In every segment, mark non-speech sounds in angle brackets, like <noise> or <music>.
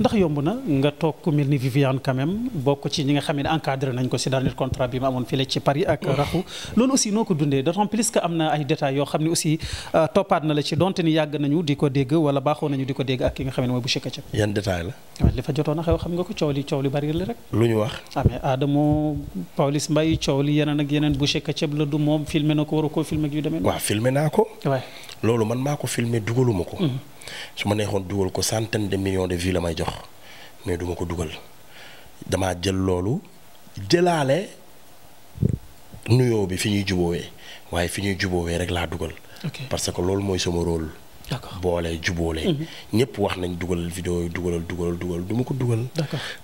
ndax yomb na nga toog ku mel ni Viviane quand même bokk ci ñi nga xam ne encadré nañ ko si dernier contrat bi ma amoon file ci Paris ak Raxu loolu aussi noo ko dundee d'autant plus que am na ay détails yoo xam ne aussi euh, toppaat na la ci donte ni yàgg nañu di ko dégg wala baaxoo nañu di ko dégg ak ki nga xam ne mooy Boucher Ketchup. yan détail la. waaw li fa jotoon a xew xam nga ko coow li coow li bari la rek. lu ñu wax. ah mais Adamo Pawlish coow li yeneen ak yeneen Boucher Ketchup la du moom filmé na ko waru koo filmé ak demee. waaw filmé naa ko. waaw loolu man maa ko filmé ko. Mm-hmm. su ma neexoon dugal ko centaine de million de vues la may jox mais duma ko dugal damaa jël loolu jëlaale nuyoo bi fi ñuy juboowee waaye fi ñuy juboowee rek laa dugal. parce que loolu mooy sama rôle. d'accord boolee juboolee. Mhm. ñëpp wax nañ dugal vidéo yi dugalal dugalal dugal du ma ko dugal.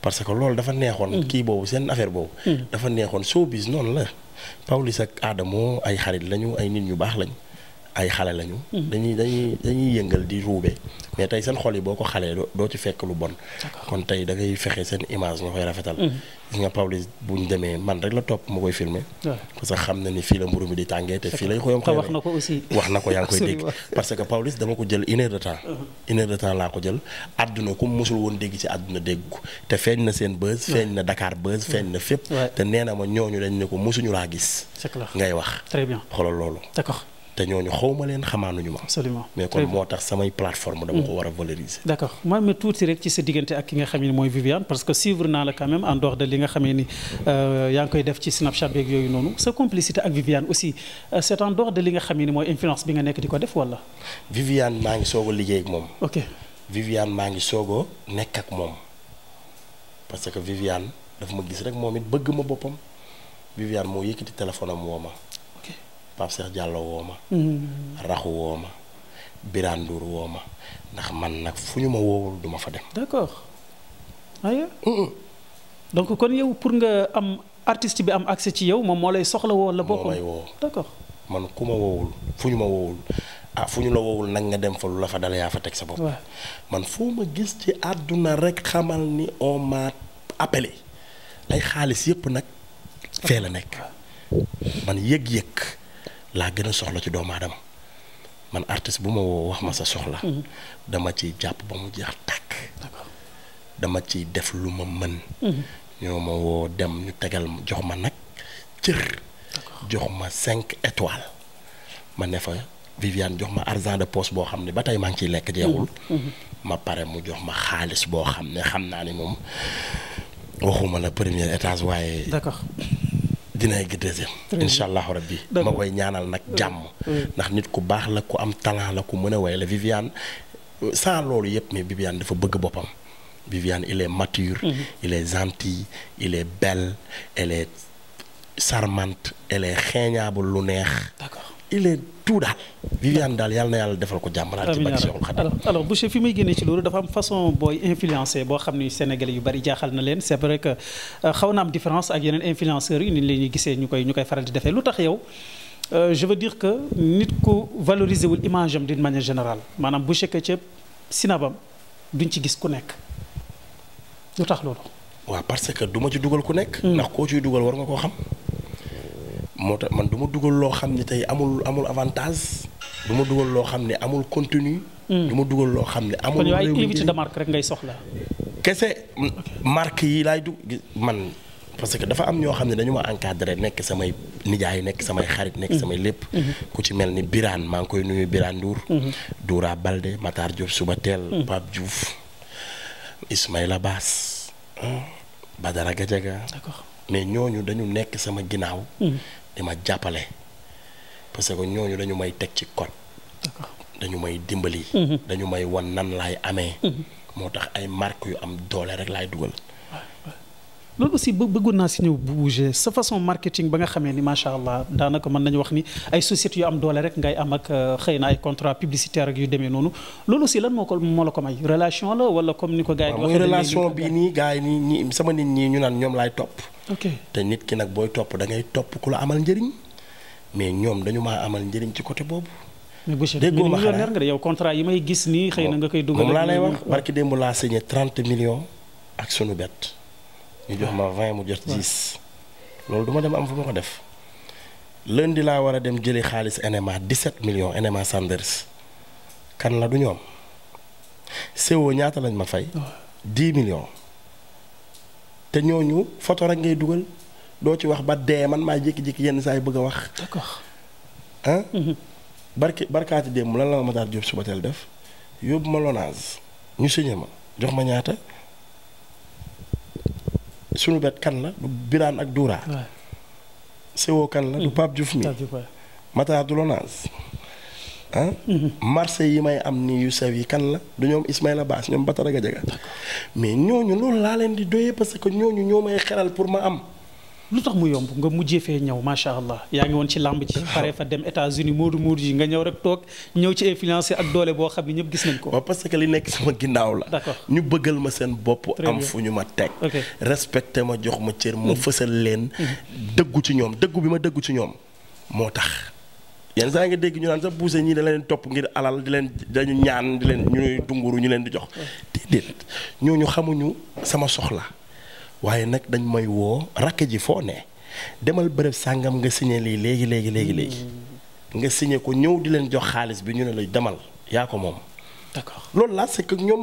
parce que loolu dafa neexoon. Mhm. kii boobu seen affaire boobu. Mhm. dafa neexoon showbiz noonu la. Pawlish ak Adamo ay xarit lañu ay nit ñu baax lañ ay xale lañu. Hmm. dañuy dañuy dañuy yëngal di ruube mais tey seen xol yi boo ko xalee doo ci fekk lu bon. kon tey da ngay fexe seen image nga koy rafetal. Hmm. gis nga Pawlish bu ñu demee man rek la topp ma koy filmer parce que xam na ni fii la mburu mi di tàngee te fii lañ koy. te wax na ko aussi wax na ko yaa ngi koy <laughs> dégg. parce que Pawlish dama ko jël une heure de temps. Uh-huh. une de temps laa ko jël àdduna ku mosul woon dégg ci àdduna dégg ko te feeñ na seen buzz. feeñ na dakaar buzz feeñ na fépp. te nee na ma ñu dañ ne ko mosuñu laa gis. ngay wax. très bien xoolal loolu. d'accord te ñooñu xaw ma leen xamaanuñu ma. absolument mais kon moo tax samay plateforme dama mm. ko war a valoriser. d' accord ma ma tuuti rek ci sa diggante ak ki nga xam ne mooy Viviane parce que suivre naa la quand même en dehors li nga xamee ni euh, ngi koy def yooyu noonu sa complicité ak Viviane aussi euh, c' est en dehors de li nga xam ne mooy influence bi nga nekk di ko def wala. Viviane maa ngi soog a liggéey ak moom. ok Viviane ngi soog a nekk ak moom parce que Viviane daf ma gis rek moom it bëgg ma boppam Viviane moo yëkkati téléphone am woo ma. Pape Cheikh Diallo woo mm-hmm. Raxu woo ma. Birane woo ma ndax man nag fu ñu ma woowul duma fa dem. d'accord donc kon yow pour nga am artiste bi am accès ci yow moom moo lay soxla woo la bokkul moo lay woo d'accord man ku ma woowul fu ñu ma woowul ah fu ñu la nag nga dem fa lu la fa dala yaa fa teg sa bopp. man foo ma gis ci àdduna rek xamal ni on m'a appelé ay xaalis yépp nag fee la nekk man yëg-yëg. laa gën a soxla ci doomu aadama man artiste bu ma woo wax ma sa soxla mm-hmm. dama ci jàpp ba mu jeex tàkk dama ci def lu ma mën mm-hmm. ñoo ma woo dem ñu tegal jox ma nag cër jox ma cinq étoiles ma ne fa Viviane jox ma argent de poche boo xam ne ba tey maa ngi ciy lekk jeexul mm-hmm. ma pare mu jox ma xaalis boo xam ne xam naa ni moom waxuma la premier étage waaye d'accord dina egg deuxième. incha allahu rabbi ma koy ñaanal nag jàmm. Mm. ndax nit ku baax la ku am talent la ku mën a way la Viviane sans loolu yëpp mais Viviane dafa bëgg boppam. Viviane il est mature. Mm-hmm. il est gentil il est belle elle est charmante elle est lu neex. d'accord. il est tout daal. Viviane daal yàlla na yàlla defal ko jàmm daal ci bàcc si xat alors alors Boucher fi muy génnee ci loolu dafa am façon booy influencé boo xam ni Sénégalais yu bari jaaxal na leen c'est vrai que euh, xaw na am différence ak yeneen influenceurs yi ni la gisee ñu koy ñu koy faral di defee lu tax yow. Euh, je veux dire que nit ku valoriser image am d'une manière générale maanaam Boucher Ketchup sinabam duñ ci gis ku nekk lu tax loolu. waaw parce que du ma ci dugal ku nekk. Hmm. ndax koo ciy dugal moo tax man du ma dugal loo xam ne tey amul amul avantage du ma dugal loo xam ne amul continue hmm. du ma dugal loo xam ne amul. kon activité de marque rek ngay soxla. kese marque yi laay dug man parce que dafa am ñoo xam ne dañu ma encadré nekk samay nijaay nekk samay xarit nekk hmm. samay lépp. Hmm. ku ci mel ni Birane maa ngi koy nuyu Birane Ndour. Doura Balde Matar Diop Subatel. Pape Diouf Ismaïla Bass Badara Gadiaga. d'accord mais ñooñu dañu nekk sama ginnaaw. di ma jàppale parce que ñooñu dañu may teg ci code dañu may dimbali. Mhm. dañu may wan nan laay amee. Mhm. moo tax ay marques yu am doole rek laay dugal. loolu aussi bëggoon naa si ñëw bouger sa façon marketing ba nga xamee ni macha allah daanaka mën nañu wax ni ay sociétés yu am doole rek ngay am ak euh, xëy na ay contrat publicitaire ak yu demee noonu loolu aussi lan moo ko la ko may relation la wala comme ni ko gars yi waxee relation gars yi nii sama nit ñi ñu naan ñoom laay topp. te nit ki nag booy topp da ngay topp ku la amal njëriñ mais ñoom dañu maa amal njëriñ ci côté boobu. déggoo ma xanaa nga yow contrat yi may gis nii xëy na nga koy dugal. moom laa lay wax barki démb laa signé 30 millions ak sunu bett ñu jox ma vingt mu jot dix loolu duma dem am fu ma ko def lundi laa war a dem jëli xaalis NMA 17 million NMA Sanders kan la du ñoom CO e ñaata lañ ma fay. 10 millions. te ñooñu photo rek ngay dugal doo ci wax ba dee man maa jékki-jékki yenn saa yi bëgg a wax. d'accord ah. Mhm. barki barkaati démb lan la ma Matar Diop suba teel def yóbbu ma Lonase ñu signé ma jox ma ñaata. sunu bet kan la du Birane ak Doura. Sewo kan la du mm. Pape Diouf mi. Matar du Lonase ah. yi may am ni yu sew yi kan la du ñoom Ismaïla Bass ñoom Batara Gajaga mais ñooñu loolu laa leen di doyee parce que ñooñu ñoo may xelal pour ma am. lu tax mu yomb nga mujjee fee ñaw macha allah yaa ngi woon ci làmb ci pare fa dem États-Unis Modou Modou yi nga ñëw rek toog ñëw ci influenceur ak doole boo xam ne ñëpp gis nañ ko. waaw parce que li nekk sama ginnaaw la. d'accord ñu bëggal ma seen bopp. am fu ñu ma teg. respecté ma jox ma cër ma mm. fësal leen. Mm. dëggu ci ñoom dëggu bi ma dëggu ci ñoom moo tax. yenn saa nga dégg ñu naan sax buuse ñii da leen topp ngir alal di leen dañu ñaan di leen ñuy dunguru ñu leen di jox. déedéet ñooñu xamuñu sama soxla. waaye nag dañ may woo rakk ji foo ne demal bërëb sàngam nga siñe lii léegi léegi léegi hmm. léegi nga siñe ko ñëw di leen jox xaalis bi ñu ne la demal yaa ko moom. d'accord loolu laa sekk ak ñoom.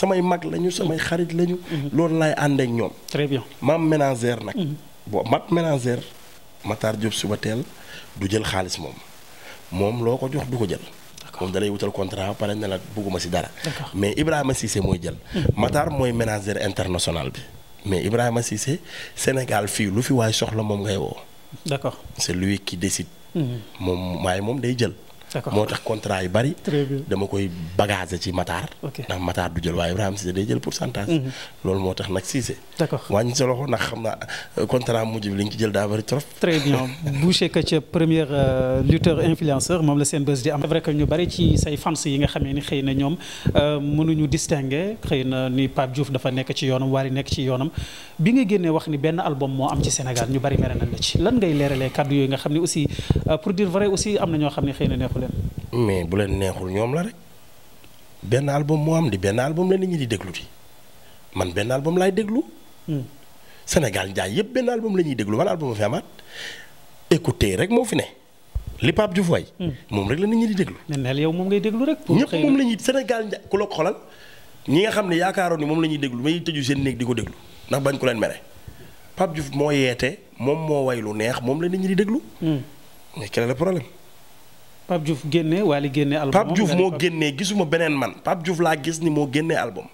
samay mag lañu samay xarit lañu. Hmm. loolu laay ànd ak ñoom. maam ménagère nag. Hmm. boo mat ménagère Matar Diop suba teel du jël xaalis moom moom loo ko jox du ko jël. moom dalay wutal contrat ba pare ne la bëgguma ci dara. mais Ibrahima Cissé mooy jël. Matar mooy ménagère international bi. mais Ibrahima Cissé Sénégal fii lu fi waay soxla moom ngay woo. d'accord c'est lui qui décide. Mm-hmm. moom maay moom day jël. moo tax contrat yu bari. dama koy bagager ci Matar. ndax du jël waaye Ibrahima Cissé day jël pourcentage. Mhm. loolu moo tax nag Cissé. d' accord wàññi sa loxo ndax xam naa euh, contrat mujj bi li nga ci jël daa bari trop. très bien <laughs> Boucher Ketchup euh, premier euh, lutteur influenceur moom la seen bés di am. c'est vrai ñu bari ci say fans yi nga xamee ni xëy na ñoom mënuñu distinguer xëy na ni Pape Diouf dafa nekk ci yoonam Wally nekk ci yoonam bi nga génnee wax ni benn album moo am ci Sénégal ñu bari mere nañ la ci lan ngay leeralee kàddu yooyu nga xam ne aussi pour dire vrai am na ñoo xam ne mais bu leen neexul ñoom la rek benn album moo am di benn album la ni ñi di déglu di man benn album laay déglu. Hmm. Sénégal njaay yëpp benn album la ñuy déglu man album fi amaat écouter rek moo fi ne. li Pape Diouf hmm. moom rek la nit ñi di déglu. nee yow moom ngay déglu rek. pour ñëpp moom la ñuy Sénégal njaay ku la xolal ñi nga xam ne yaakaaroon ni moom la ñuy déglu may tëju seen néeg di ko déglu ndax bañ ko leen mere Pape Diouf moo yeete moom moo way lu neex moom la nit ñi di déglu. Hmm. mais quel est le Pape Diouf génnee Wally génnee album Pape Diouf moo génnee gisuma beneen man Pape Diouf laa gis ni moo génnee album.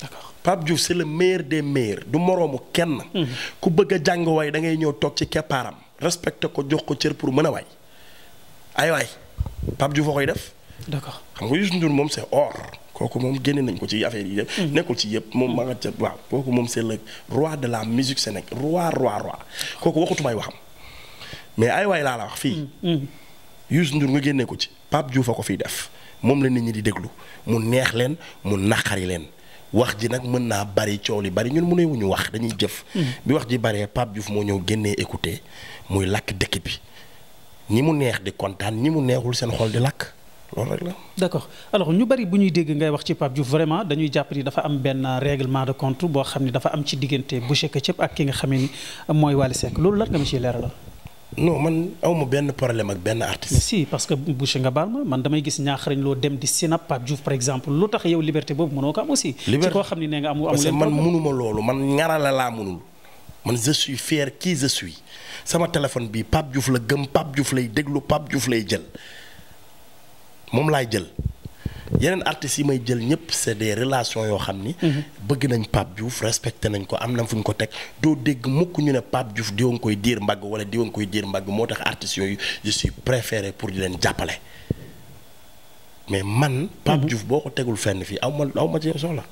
d'accord Pape Diouf c'est le de des du moroomu kenn. Mhm. ku bëgg a jàng waay da ngay ñëw toog ci keppaaram respecté ko jox ko cër pour mën a waay. ay waay Pape Diouf a koy def. d'accord xam nga Youssou Ndour moom c'est or kooku moom génne nañ ko ci affaire yi def mhm. nekkul ci yëpp moom maa ca waaw kooku moom c'est le roi de la musique sénégalaise roi roi roi kooku waxutumay waxam mais ay laa la wax fii. Mhm. Youssou Ndour nga génnee ko ci Pape Diouf a ko fiy def moom la nit ñi di déglu mu neex leen mu naqari leen wax ji nag mën naa bari coow li bari ñun mënee wuñu wax dañuy jëf. Hmm. wax ji baree Pape Diouf moo ñëw génnee écouter muy lakk dëkk bi ñi mu neex di kontaan ñi mu neexul seen xol di lakk. loolu rek la d'accord alors ñu bari bu ñuy dégg ngay wax ci Pape Diouf vraiment dañuy jàpp ni dafa am benn réglement de compte boo xam ni dafa am ci diggante Boucher Ketchup ak ki nga xam ni mooy Wally Seck loolu lan nga ma leer la non man awma benn problème ak benn artiste. si parce que Boucher nga baal ma man damay gis ñaaxarañ loo dem di Sinap Pape Diouf par exemple lu tax yow liberté boobu mënoo ko am aussi. liberté ci xam ne nee nga amu amu leen parce que man munuma loolu man ñarala laa munul. man je suis fier qui je suis sama téléphone bii Pape Diouf la gëm Pape Diouf lay déglu Pape Diouf lay jël moom laay jël. yeneen artistes yi may jël ñëpp c'est des relations yoo xam ni. Mhm. bëgg nañ Pape Diouf respecté nañ ko am na fu ñu ko teg doo dégg mukk ñu ne Pape Diouf diwa nga koy diir mbagg wala diwa nga koy diir mbàgg moo tax artistes yooyu je suis préféré pour di leen jàppale mais man. Pape mhm. Diouf boo ko tegul fenn fii aw ma aw ma ci soxla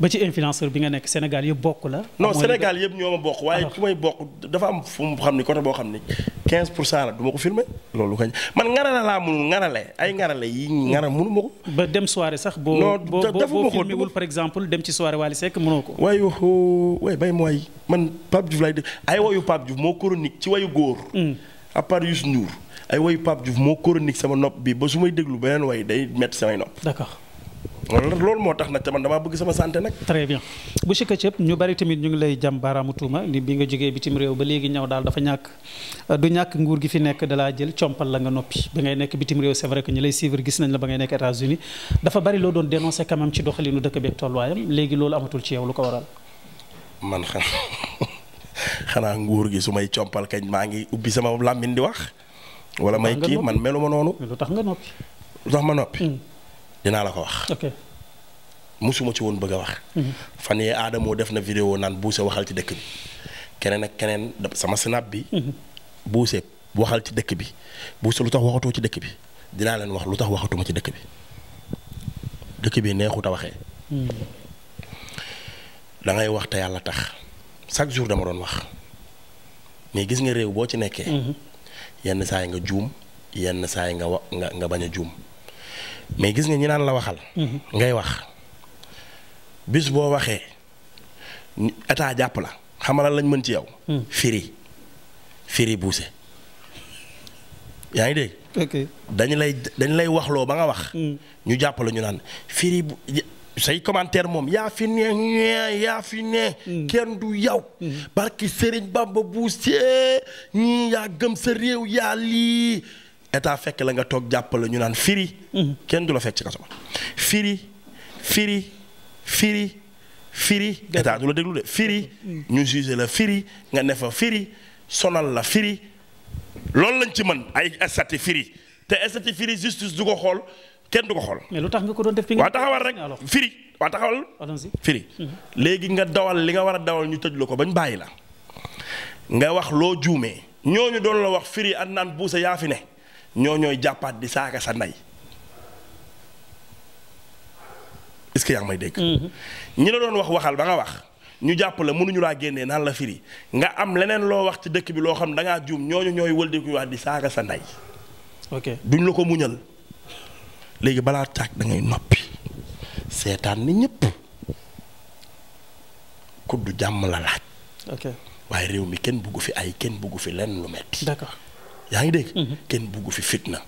ba ci influenceur bi nga nekk Sénégal yëpp bokk la. non Sénégal yëpp ñoo ma bokk. waaye ah. ku may bokk dafa am fu mu xam ni côté boo xam ni 15 pour cent la du ko filmé loolu kañ man ngarala laa mënul ngarale ay ngarale yi ngara mënu ko. ba dem soirée sax. boo boo boo filmé wul par exemple dem ci soirée Wally Seck mënoo ko. waaye way bay mooy man Pape Diouf lay ay wayu Pape Diouf moo chronique ci wayu góor. Mm. à part Youssou ay wayu Pape Diouf moo chronique sama nopp bi ba su may déglu beneen way day métti samay nopp. d'accord. loolu moo tax nag man damaa bëgg sama santé nag. très bien Boucher Ketchup ñu bari tamit ñu ngi lay jam baaraamu tuuma ni bi nga jógee bitim réew ba léegi ñaw daal dafa ñàkk du ñàkk nguur gi fi nekk dalaa jël compal la nga noppi ba ngay nekk bitim réew c'est vrai que ñi lay suivre gis nañ la ba ngay nekk États-Unis dafa bari loo doon dénoncer quand même ci doxalinu dëkk beeg tolluwaayam léegi loolu amatul ci yow lu ko waral. man xam xanaa nguur gi su may compal maa ngi ubbi sama làmmiñ di wax. wala may kii man meluma noonu. lu tax nga noppi. dinaa la ko wax. ok musuma ci woon bëgg a wax. Mhm. fan yee Adamo def na vidéo naan buuse waxal ci dëkk bi keneen ak keneen sama snap bi. Mhm. buuse waxal ci dëkk bi buuse lu tax waxatoo ci dëkk bi dinaa leen wax lu tax waxatuma ci dëkk bi dëkk bi neexut a waxee. Mhm. da ngay wax te yàlla tax chaque jour dama doon wax mais gis nga réew boo ci nekkee. yenn saa yi nga juum yenn saa yi nga wa nga bañ a juum. mais gis nga ñi naan la waxal. Mhm. ngay wax bis boo waxee état jàpp la xamal lañ mën ci yow. Mhm. firi firi buuse yaa ngi dégg. lay dañ lay waxloo ba nga wax. Mhm. ñu jàpp la ñu naan firi bu say commentaire moom yaa fi ne yaa fi ne. kenn du yow. barki Serigne Bamba buuse ñii yaa gëm sa réew yaa lii. état fekk la nga toog jàppale ñu naan firi. Mhm. kenn du la fekk ci kaso ba firi firi firi firi. état du la déglu de firi. Mhm. ñu jugé la firi nga ne fa firi sonal la firi loolu lañ ci man ay estati firi te estati firi justice du ko xool kenn du ko xool. mais lu tax nga ko doon def fi nga. waaw taxawal rek firi waaw taxawal. firi. Mhm. léegi nga dawal li nga war a dawal ñu tëj la ko bañ bàyyi la. nga wax loo juumee. ñooñu doon la wax firi at naan buusa yaa fi ne. ñoo ñooy jàppaat di saaka sa ndey est-ce que yaa may dégg. Mm-hmm. ñi la doon wax waxal ba nga wax ñu jàpp la mënuñu laa génnee naan la firi nga am leneen loo wax ci dëkk bi loo xam da ngaa juum ñooñu ñooy wëldeeku wax di saaka sa ndey. ok duñ la ko muñal léegi balaa taag dangay noppi seetaan ni ñëpp kuddu jàmm la laaj. waaye réew mi kenn bugg fi ay kenn bugg fi lenn lu metti yaa ngi dégg. kenn buggu fi fit na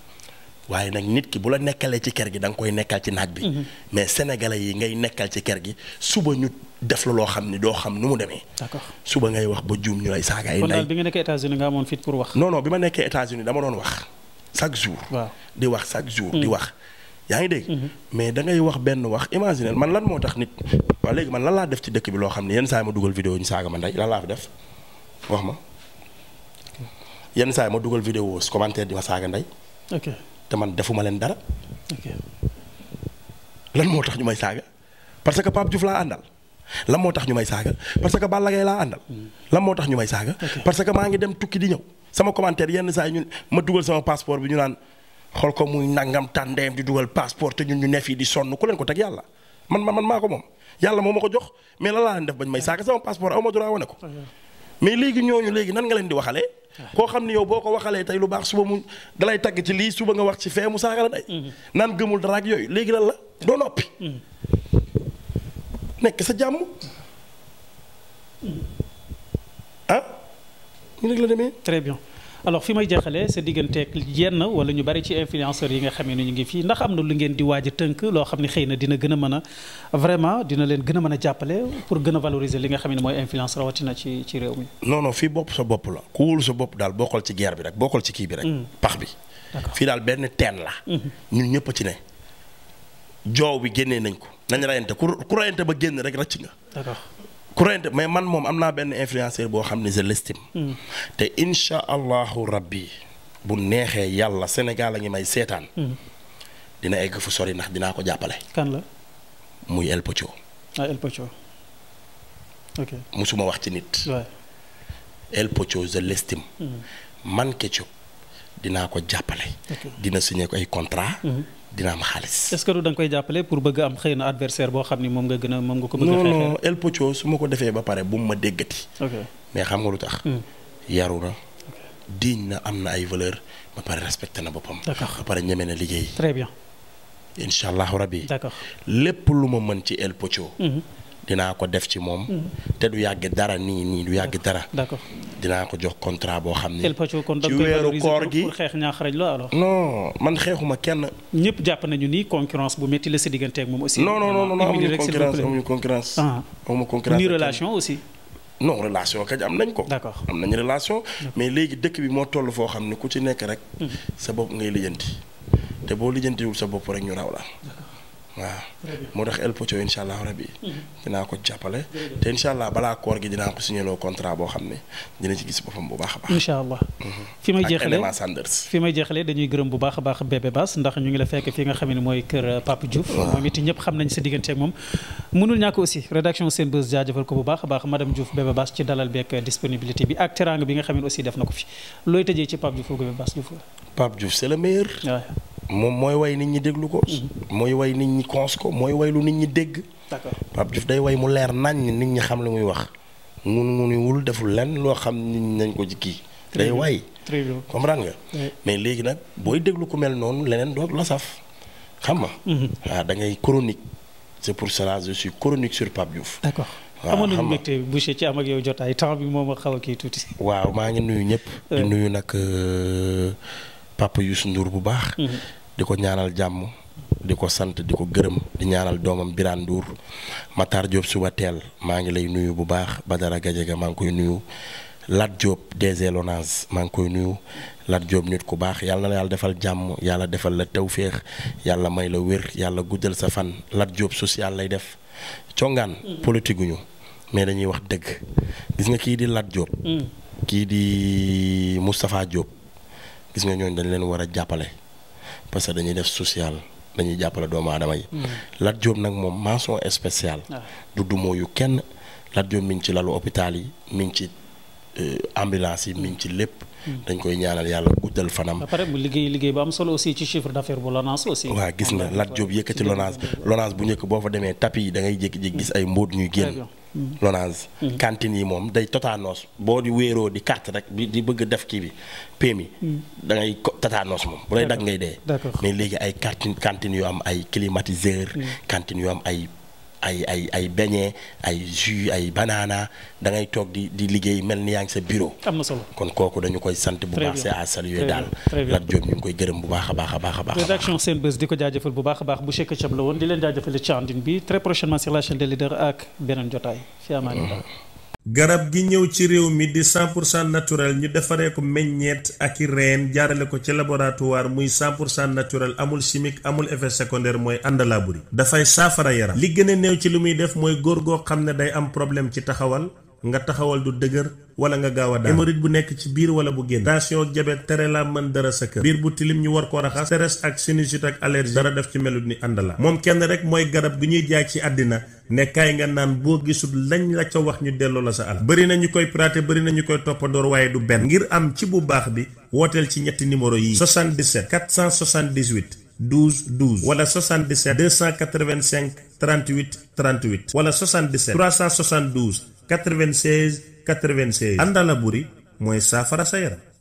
waaye nag nit ki bu la nekkalee ci kër gi da nga koy nekkal ci naaj bi. Mm-hmm. mais sénégalais yi ngay nekkal ci ker gi suba ñu def la loo xam ni doo xam nu mu demee. d'accord suba ngay wax ba juum ñu lay saaga ay. kon daal bi nga nekkee États-Unis nga amoon fit pour wax. non bi ma nekkee États-Unis dama doon wax chaque jour. waaw di wax chaque jour. di mm-hmm. wax yaa ngi dégg. Mm-hmm. mais da ngay wax benn wax imaginer man lan moo tax nit. waa léegi man lan laa def ci dëkk bi loo xam ne yenn saa ma dugal vidéo ñu saaga ma ndey lan laa def wax ma. yenn saay yi ma dugal vidéo su commentaire di ma saaga ndey. te man defuma leen dara. lan moo tax ñu may saaga parce que Pape Diouf laa àndal. lan moo tax ñu may saaga parce que Balla Gaye laa àndal. lan moo tax ñu may saaga. parce que maa ngi dem tukki di ñëw. sama commentaire yenn saa yi ñun ma dugal sama passeport bi ñu naan xool ko muy nangam ndeyam di dugal passeport te ñun ñu ne fii di sonn ku leen ko teg yàlla man man maa ko moom yàlla moo ma ko jox mais lan laa leen def bañ may saaga sama passeport aw ma droit wane ko. mais léegi ñooñu léegi nan nga leen di waxalee. koo xam ni yow boo ko waxalee tey lu baax suba mu dalay tagg ci lii suba nga wax ci fee mu saaga la day mm-hmm. naan gëmul dara ak yooyu léegi lan la doo noppi. Mm-hmm. nekk sa jàmm. Mm-hmm. ah. ñu nekk la demee. très alors fi may jeexalee sa digganteeg yenn wala ñu bari ci influenceurs yi nga xam ne ñu ngi fii ndax am na lu ngeen di waaj a tënk loo xam ne xëy na dina gën a mën a vraiment dina leen gën a mën a jàppale pour gën a valoriser li nga xam ne mooy influence rawatina ci ci réew mi. non fii bopp sa bopp la ku wóolu sa bopp daal bokkal ci guerre bi rek bokkal ci kii bi rek. Mm. pax bi. fii daal benn teen la. Mm-hmm. ñun ñëpp ci ne. joow bi génnee nañ ko nañ rayante ku rayante ba génn rek rëcc nga. ku rent mais man moom am naa benn influenceur boo xam ne je l'estime hmm. te incha allahu rabbi bu neexee yàlla Sénégal a ngi may seetaan. Hmm. dina egg fu sori ndax dinaa ko jàppale. kan la. muy El Pocho. ah El Pocho. wax ci nit. waay El Pocho je l'estime. Hmm. man Ketchup dinaa ko jàppale. dina signé ko ay contrat. dina am xaalis. est-ce que du da nga koy jàppale pour bëgg am xëy na adversaire boo xam ni moom nga gën a moom nga ko bëgg a. xeexee non non El Pocho su ma ko defee ba pare bu mu mais xam nga lu tax. Hmm. yaru na diñ na am na ay valeur ba pare respecté na boppam. d'accord ba pare ñeme na liggéey. très bien. incha allahu rabi. d'accord lépp lu ma mën ci El Pocho. Hmm. dinaa ko def ci moom. Hmm. te du yàgg dara nii nii du yàgg dara. d'accord dinaa ko jox contrat boo xam ne. ci weeru koor gi pour xeex ñaaxarañ la alors. non man xeexuma kenn. ñëpp jàpp nañu ni concurrence bu métti la sa diggante ak moom aussi. non non non non amuñu concurrence ah. amuñu concurrence. amuñu relation aussi. non relation kañ am nañ ko. d'accord am nañ relation. mais léegi dëkk bi moo toll foo xam ne ku ci nekk rek. Hmm. sa bopp ngay lijjanti te boo lijjantiwul sa bopp rek ñu raw la. waaw moo tax El Pocho incha allah rabi. dinaa ko jàppale. te incha balaa koor gi dinaa ko signéloo contrat boo xam ne dina ci gis boppam bu baax a baax. incha allah mhm. fi may jeexalee fi may jeexalee dañuy gërëm bu baax a baax bébé Bass ndax ñu ngi la fekk fi nga xam ne mooy kër euh, Pape Diouf. moom it ñëpp xam nañ sa diggante ak moom. mënul ñàkk aussi rédaction Senbuzz jaajëfal ko bu baax a baax madame Diouf bébé Bass ci dalal beeg euh, disponibilité bi ak teraanga bi nga xam ne aussi def na ko fi looy tëjee ci moom mooy way nit ñi déglu ko. Mhm. mooy way nit ñi cons ko mooy way lu nit ñi dégg. d'accord Pape day way mu leer naññ nit ñi xam lu muy wax. mun wul deful lenn loo xam nit nañ ko ci kii. day way. très bien nga. mais léegi nag booy déglu ku mel noonu leneen doo la saf. xam nga. Mhm. waaw da ngay chronique. c'est pour cela je suis chronique sur Pape Diouf. d'accord amoon nañu yow jotaay temps bi moom a xaw a kii tuuti. waaw maa ngi nuyu ñëpp. di nuyu nag. Euh, papa Youssou Ndour bu baax. Mm-hmm. di ko ñaanal jàmm. di ko sant di ko gërëm di ñaanal doomam Birane Ndour Matar Diop suba teel maa ngi lay nuyu bu baax Badara Gadiaga maa ngi koy nuyu. laat Diop DG Lonase maa ngi koy nuyu Lat Diop nit ku baax yàlla la yàlla defal jàmm yàlla defal la tew féex yàlla may la wér yàlla guddal sa fan Lat Diop social lay def congaan mm-hmm. politique mais dañuy wax dëgg gis nga kii di Lat Diop. Mm. kii di Moustapha Diop. gis nga ñooñ dañ leen war a jàppale parce que dañuy def social dañuy jàppale doomu adama yi. Hmm. Lat Diop nag moom mention spéciale. Ah. du yu kenn Lat Diop mi ngi ci lalu hôpital yi mi ngi ci euh, ambulance yi mi ci lépp. Hmm. dañ koy ñaanal yàlla guddal fanam. ba pare mu liggéey liggéey am solo aussi ci chiffre d'affaires bu LONASE aussi. waaw gis nga Lat Diop yëkkati LONASE LONASE bu njëkk boo fa demee tapi yi dangay ngay jékki-jékki gis ay mbóot ñuy génn. Lonase. Mm-hmm. cantine yi moom day totaanos boo di wéeroo di carte rek di bëgg def kii bi pémi mm-hmm. da ngay totaanos moom bu lay dag ngay dee. mais léegi ay cantine cantine yu am ay climatiseur mm-hmm. cantine yu am ay. ay ay ay beñe ay jus ay banana da ngay toog di di liggéey mel ni yaa ngi sa bureau. am na solo kon kooku dañu koy sant bu baax. c'est à daal. Lat Diop ñu ngi koy gërëm bu baax a baax a baax a baax. a Sen Buzz di ko jaajëfal bu baax a baax bu Cheikh Thiam la woon di leen jaajëfal bi très prochainement sur la ak beneen jotaay fi amaani mm-hmm. garab gi ñëw ci réew mi di 100% naturel ñu defaree ko meññeet ak i reen jaarale ko ci laboratoire muy pour 100% naturel amul chimique amul effet secondaire mooy àndalaa buri dafay saafara yaram li gën a néew ci li muy def mooy góor goo xam ne day am problème ci taxawal nga taxawal du dëgër wala nga gaaw a daal hémorroïde bu nekk ci biir wala bu génn tension ak jabet tere la mën dara sa kër biir bu tilim ñu war ko raxas stress ak sinusite ak allergie dara def ci melut ni ànd la moom kenn rek mooy garab gi ñuy jaay ci àddina ne kaay nga naan boo gisul lañ la ca wax ñu delloo la sa alal bari na ñu koy praté bëri na ñu koy toppadoor waaye du benn ngir am ci bu baax bi wooteel ci ñetti numéro yi 77 478 12 12 wala 77 wala 77 372 96 96. àndalaburi mooy saafara sa yaram.